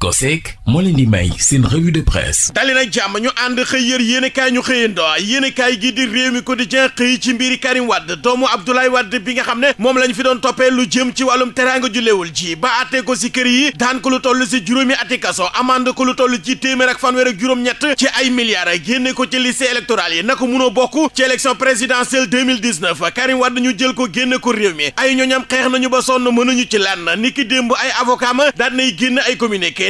COSEC moo leen di may seen revue de presse dali jàmm ñu ànd xëy yër yéen kaay ñu xëyando yéen kaay gi di réew mi quotidien xëy ci mbiri Karim Wade doomu Abdoulaye Wade bi nga xam ne moom lañ fi doon toppee lu jëm ci wàllum teraanga ju leewul ji ba àttee ko si kër yi daan ko lu toll si juróomi ati kaso amande ko lu toll ci téeméer ak fanweer ak juróom-ñett ci ay milliards génne ko ci liste électorale yi naka bokk ci élection présidentielle 2019 Karim Wade ko génne ko ay ñooñam ci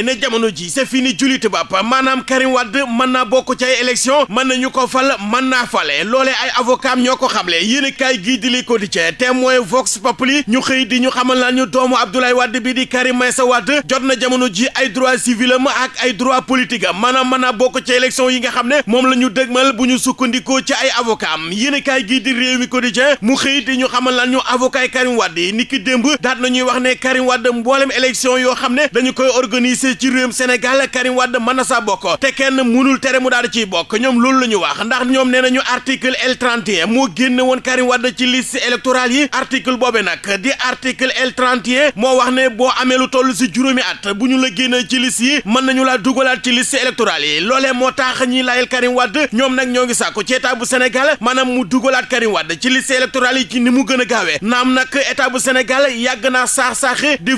lan yéenekaay ne jamono ji c'est fini jullit bàpp maanaam Karim Wade mën naa bokk ci ay élection mën nañu ko fal mën naa fale loole ay avocat ñoo ko xamle yéenekaay gii di li Quotidien Témoin Vox Populi ñu xëy di ñu xamal naa ñu doomu Abdoulaye Wade bi di Karim Meïssa Wade jot na jamono ji ay droit civil am ak ay droit politique am maanaam mën naa bokk ci élection yi nga xam ne moom la ñu mal bu ñu sukkandikoo ci ay avocat am yéenekaay gii di Rewmi Quotidien mu xëy di ñu xamal naa ñu avocat Karim Wade yi niki démb daat nañuy wax ne Karim Wade mboolem élection yoo xam ne dañu koy organiser député ci réewum Sénégal Karim Wade mën na saa bokk te kenn mënul tere mu daal di bokk ñoom loolu la ñu wax ndax ñoom nee nañu article L31 moo génne woon Karim Wade ci liste électorale yi article boobee nag di article L31 moo wax ne boo amee lu si juróomi at bu ñu la génnee ci liste yi mën nañu laa dugalaat ci liste électorale yi loolee moo tax ñi layel Karim Wade ñoom nag ñoo ngi sàkku ci état bu Sénégal maanaam mu dugalaat Karim Wade ci liste électorale ni mu gën a gaawee naam nag état bu Sénégal yàgg naa saax-saaxe di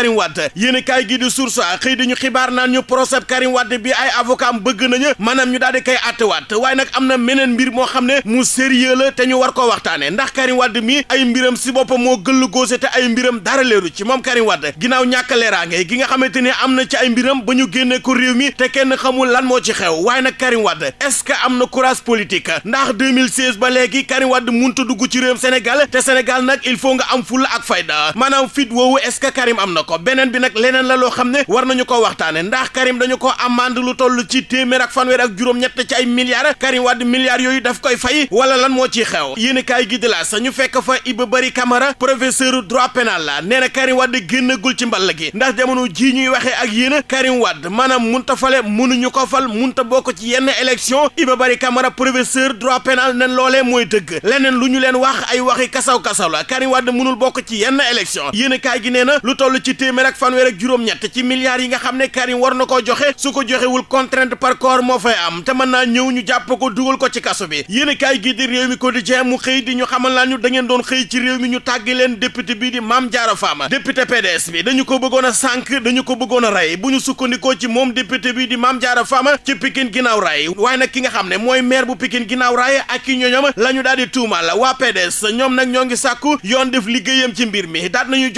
Karim Wade yéen a kaay gii xëy di ñu xibaar naan ñu procès Karim Wade bi ay avocat am bëgg nañu maanaam ñu daal di koy attewaat waaye nag am na meneen mbir moo xam ne mu sérieux la te ñu war ko waxtaane ndax Karim Wade mi ay mbiram si boppam moo gëllu góose te ay mbiram dara leeru ci moom Karim Wade ginnaaw ñàkk leeraange gi nga xamante ni am na ci ay mbiram ba ñu génne ko réew mi te kenn xamul lan moo ci xew waaye nag Karim Wade est-ce que am na courage politique ndax 2016 ba léegi Karim Wade munta dugg ci réewum Sénégal Sénégal nag il faut nga am fulla ak fayda maanaam fit woowu est-ce que Karim am na ko beneen bi nag leneen la loo xam ne war nañu ko waxtaane ndax Karim dañu ko amande lu toll ci téeméer ak fanweer ak juróom-ñett ci ay milliards Karim Wade milliards yooyu daf koy fay wala lan moo ciy xew yéen kaay gi di la sa ñu fekk fa ba Bari Camara professeur droit pénal la nee na Karim Wade génnagul ci mball gi ndax jamono ji ñuy waxee ak yéen Karim Wade maanaam munta fale mënuñu ko fal munta bokk ci yenn élection Iba Bari Camara professeur droit pénal nen loolee mooy dëgg leneen lu ñu leen wax ay waxi kasaw-kasaw la Karim Wade mënul bokk ci yenn élection yéen kaay gi nee na lu toll ci téeméer ak fanweer ak juróom-ñett ci milliards yi nga xam ne Karim war na koo joxe su ko joxewul contrainte par corps moo fay am te mën naa ñëw ñu jàpp ko dugal ko ci kaso bi yéen a kaay gi di réew mi mu xëy di ñu xamal naa ñu da doon xëy ci réew mi ñu tàgg leen député bii di Mame Diarra Fam député bi dañu ko bëggoon a sànk dañu ko bëggoon rey bu ñu sukkandikoo ci moom député bii di Mame Diarra ci Pikine ginnaaw raay waaye nag ki nga xam ne mooy maire bu Pikine ginnaaw raay la ñu daal di tuumal waa PDS ñoom nag ñoo ngi sàkku yoon mbir mi daat nañu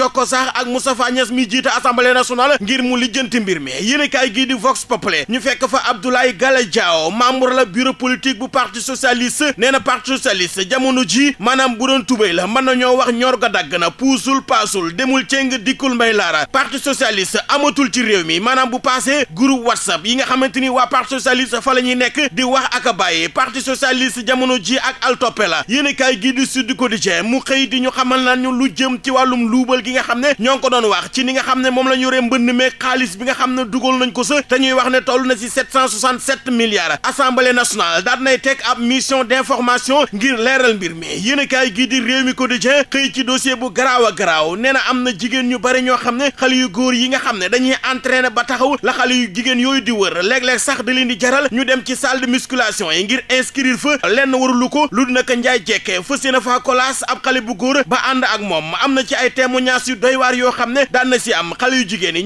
Niass mi jiite assemblée nationale ngir mu lijjanti mbir mi yéen kaay gii di Vox Populi ñu fekk fa Abdoulaye Gala Diaw membre la bureau politique bu parti socialiste nee na parti socialiste jamono ji maanaam bu doon tubéy la mën na ñoo wax ñor ga dagg na puusul paasul demul ceng dikkul laa laara parti socialiste amatul ci réew mi maanaam bu passé groupe whatsapp yi nga xamante ni waa parti socialiste fa la ñuy nekk di wax ak a bàyyi parti socialiste jamono ji ak altoppe la yéen kaay gii di Sud Quotidien mu xëy di ñu xamal na ñu lu jëm ci wàllum luubal gi nga xam ne ñoo ngi ko doon wax ci ni nga xam ne moom la ñu yore mbënd meeg xaalis bi nga xam ne dugal nañ ko sa te ñuy wax ne toll na si 767 milliards assemblée nationale daal nay teg ab mission d'information ngir leeral mbir mi yéen gii di réew mi quotidien xëy ci dossier bu garaaw a garaaw nee na am na jigéen ñu bari ñoo xam ne xale yu góor yi nga xam ne dañuy entraîné ba taxaw la xale yu jigéen yooyu di wër léeg-léeg sax da leen di jaral ñu dem ci salle de musculation yi ngir inscrire fa lenn warulu ko lu dina ko jekkee fas yéene faa kolaas ab xale bu góor ba ànd ak moom am na ci ay témoignages yu doy waar yoo xam ne daan na si am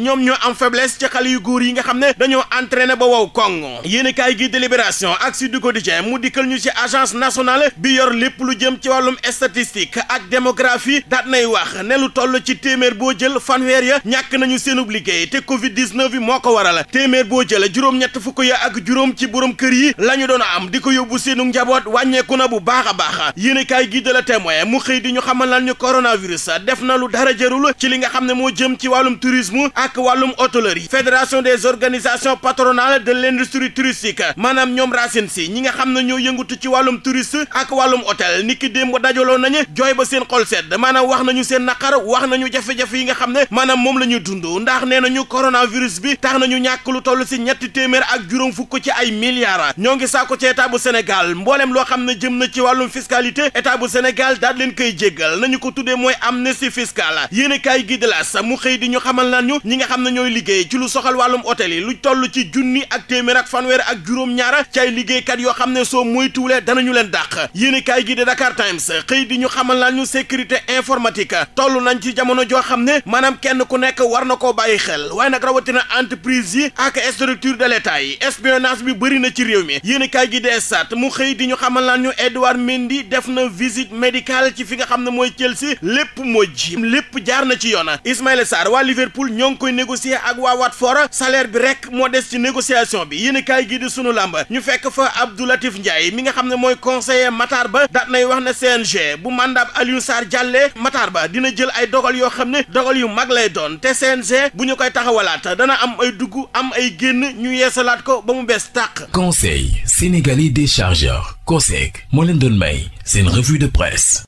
ñoom ñoo am faiblesse ci xale yu góor yi nga ne dañoo entraîné ba wow kaay gi délibération ak Sud Quotidien mu dikkal ñu ci agence nationale bi yor lépp lu jëm ci wàllum statistique ak démographie daat nay wax ne lu toll ci téeméer boo jël fanweer ya ñàkk nañu seenub liggéey te Covid 19 bi moo ko waral téeméer boo jël juróom-ñett fukk ya ak juróom ci borom kër yi la ñu doon am di ko yóbbu seenu njaboot wàññeeku na bu baax a baax yéen kaay gi de la témoin mu xëy di ñu xamal lan ñu coronavirus def na lu dara ci li nga xam ne moo jëm jëm ci wàllum tourisme ak wàllum hôtellerie fédération des organisations patronales de l'industrie touristique maanaam ñoom racine si ñi nga xam ne ñoo yëngatu ci wàllum touriste ak wàllum hôtel niki démb ba dajaloo nañu jooy ba seen xol sedd maanaam wax nañu seen naqar wax nañu jafe-jafe yi nga xam ne maanaam moom la ñu dund ndax nee nañu coronavirus bi tax nañu ñàkk lu toll si ñetti téeméer ak juróom fukk ci ay milliards ñoo ngi sàkku ci état bu Sénégal mbooleem loo xam ne jëm na ci wàllum fiscalité état bu Sénégal daal leen koy jéggal nañu ko tuddee mooy amnistie fiscale yéen a kaay gi la xëy di ñu xamal naan ñu ñi nga xam ne ñooy liggéey ci lu soxal wàllum hôtel yi lu toll ci junni ak téeméer ak fanweer ak juróom-ñaara ci ay liggéeykat yoo xam ne soo moytuwulee danañu leen dàq yéenekaay gi de Dakar Times xëy di ñu xamal naan ñu sécurité informatique toll nañ ci jamono joo xam ne maanaam kenn ku nekk war na koo bàyyi xel waaye nag rawatina entreprise yi ak structure de l'État yi espionnage bi bëri na ci réew mi yéenekaay gi de Stades mu xëy di ñu xamal naan ñu Edouard Mendy def na visite médicale ci fi nga xam ne mooy Chelsea lépp moo lépp jaar na ci yoon Ismaïla Sarr waa Liverpool ñoo ngi koy négocier ak waa Watford salaire bi rek moo des ci négociation bi yéen kaay gi di sunu làmb ñu fekk fa Abdou Latif Ndiaye mi nga xam ne mooy conseiller Matar Ba da nay wax ne CNG bu mandat Aliou Sarr jàllee Matar Ba dina jël ay dogal yoo xam ne dogal yu mag lay doon te CNG bu ñu koy taxawalaat dana am ay dugg am ay génn ñu yeesalaat ko ba mu bees tàq. Conseil sénégalais des chargeurs COSEC moo leen doon may seen revue de presse.